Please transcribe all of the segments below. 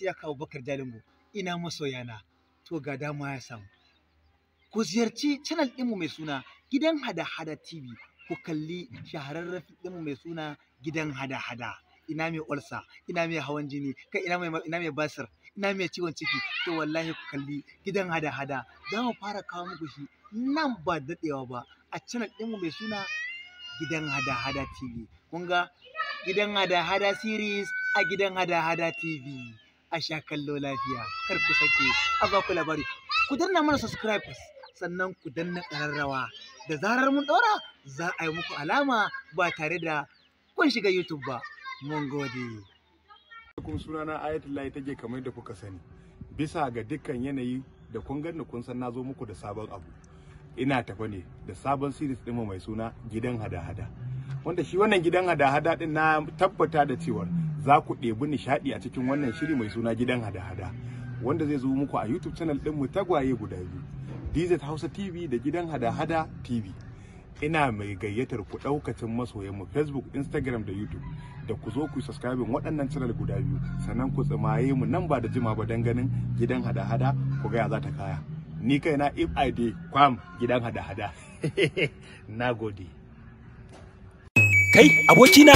ya kawo bakar Jalingo ina masoyana to ga dama ya samu. Ku ziyarci canal ɗinmu mai suna Gidan Hada Hada TV ku kalli shahararren ɗinmu mai suna Gidan Hada Hada. Ina mai olsa, ina mai hawan jini, kai ina mai ina basir, ina mai ciwon ciki, to wallahi ku kalli Gidan Hada Hada. Za mu fara kawo muku shi nan ba daɗewa ba a canal ɗinmu mai suna Gidan Hada Hada TV. Kun ga Gidan Hada Hada series a gidan Hada Hada TV. a sha kallo lafiya kar ku sake a ba ku labari ku danna mana subscribers sannan ku danna ƙararrawa da zarar mun ɗora za a yi muku alama ba tare da kun shiga YouTube ba mun gode kuma sunana ayatullahi take kamar da kuka sani bisa ga dukkan yanayi da kun ganni kun san na zo muku da sabon abu ina tafa ne da sabon series ɗinmu mai suna gidan hada-hada wanda shi wannan gidan hada-hada din na tabbata da cewar za ku ɗebi nishaɗi a cikin wannan shiri mai suna gidan hada-hada wanda zai zo muku a youtube channel mu tagwaye guda biyu dz hausa tv da gidan hada-hada tv ina mai gayyatar ku ɗaukacin masoyan mu facebook instagram da youtube da ku zo ku subscribe waɗannan channel guda biyu sannan ku tsamaye mu nan ba da jima ba don ganin gidan hada-hada ku gaya za ta kaya ni kaina if i dey kwam gidan hada-hada na gode kai abokina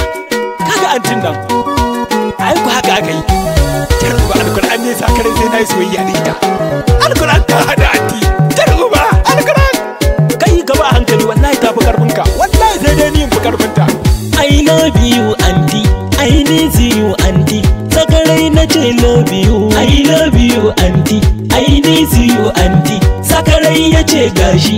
kaga antin nan ai ku haka aka yi jar alkur'an ne sakarin sai na yi soyayya da ita alkur'an ta hada anti jarruba alkur'an kai gaba a hankali wallahi ta fi karfin ka wallahi sai dai ni in fi karfin ta i love you anti i need you anti sakarai na ce love you i love you anti i need you anti sakarai ya ce gashi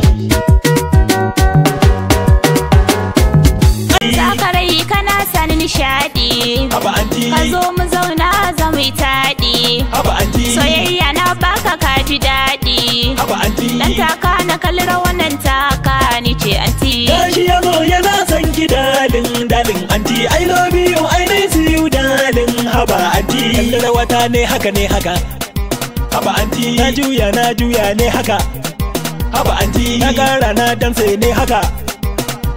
nishadi Haba anti Ka mu zauna za mu yi taɗi Haba anti Soyayya na baka ka ji daɗi Haba anti Dan taka na kalira wannan taka ni ce anti Gashi ya yana son ki dalin dalin anti I love you I miss you dalin haba anti Kallira wata ne haka ne haka Haba anti Na juya na juya ne haka Haba anti Na kara na danse ne haka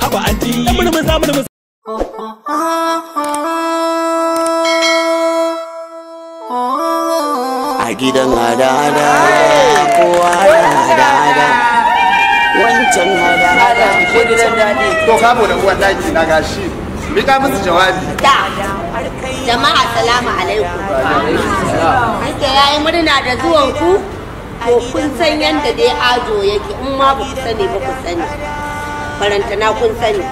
Haba anti Na murmusa murmusa Oh, oh, oh. gidan hada-hada kowa ya hada-hada wancan hada-hada ko gidan daɗi to kamo da kuwa daji na gashi mi ka musu jawabi da jama'a salamu alaikum ake yayi murna da zuwan ku ko kun san yadda dai ajo yake in ma ba ku sani ba ku sani farantana kun sani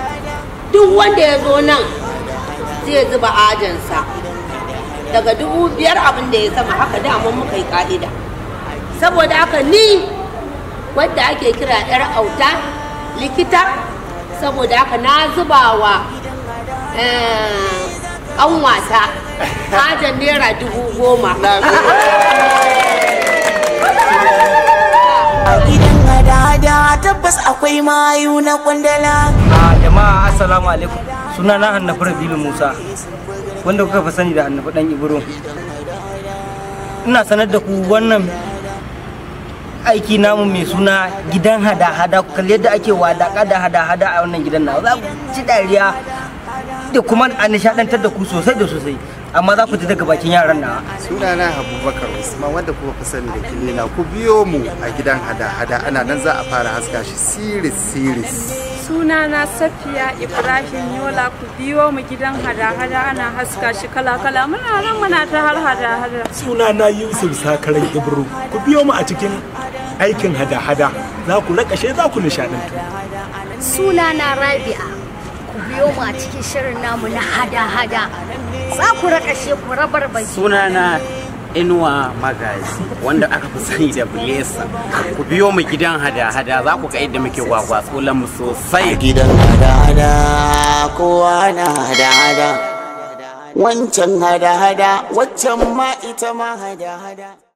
duk wanda ya zo nan zai zuba ajansa daga dubu biyar abin da ya sama haka daman muka yi ƙa'ida saboda haka ni wadda ake kira yar auta likita saboda haka na zuba wa eh, an wata hajjar naira dubu goma idan tabbas akwai mayu na kundala ah, jama'a assalamu alaikum sunana musa wanda kuka fa sani da annabi dan ibro ina sanar da ku wannan aiki namu mai suna gidan hada-hada ku kalli yadda ake wadaka da hada-hada a wannan gidan na za ku ci dariya da kuma a nishadantar da ku sosai da sosai amma za ku ji daga bakin yaran na sunana abubakar usman wanda kuma fi sani da kilina ku biyo mu a gidan hada-hada ana nan za a fara haska shi siris siris sunana safiya ibrahim yola ku biyo mu gidan hada-hada ana haska shi kala-kala muna nan muna ta har hada-hada sunana yusuf sakarai ibro ku biyo mu a cikin aikin hada-hada za ku rakashe za ku nishadantu na rabi'a biyo mu a cikin shirin namu na hada-hada. Za ku rakashe ku rabar bai. Sunana inuwa magazi wanda aka fi sani da blesa ku biyo mu gidan hada-hada za ku ga yadda muke gwagwa mu sosai gidan hada-hada kowa na hada-hada wancan hada-hada waccan ma ita ma hada-hada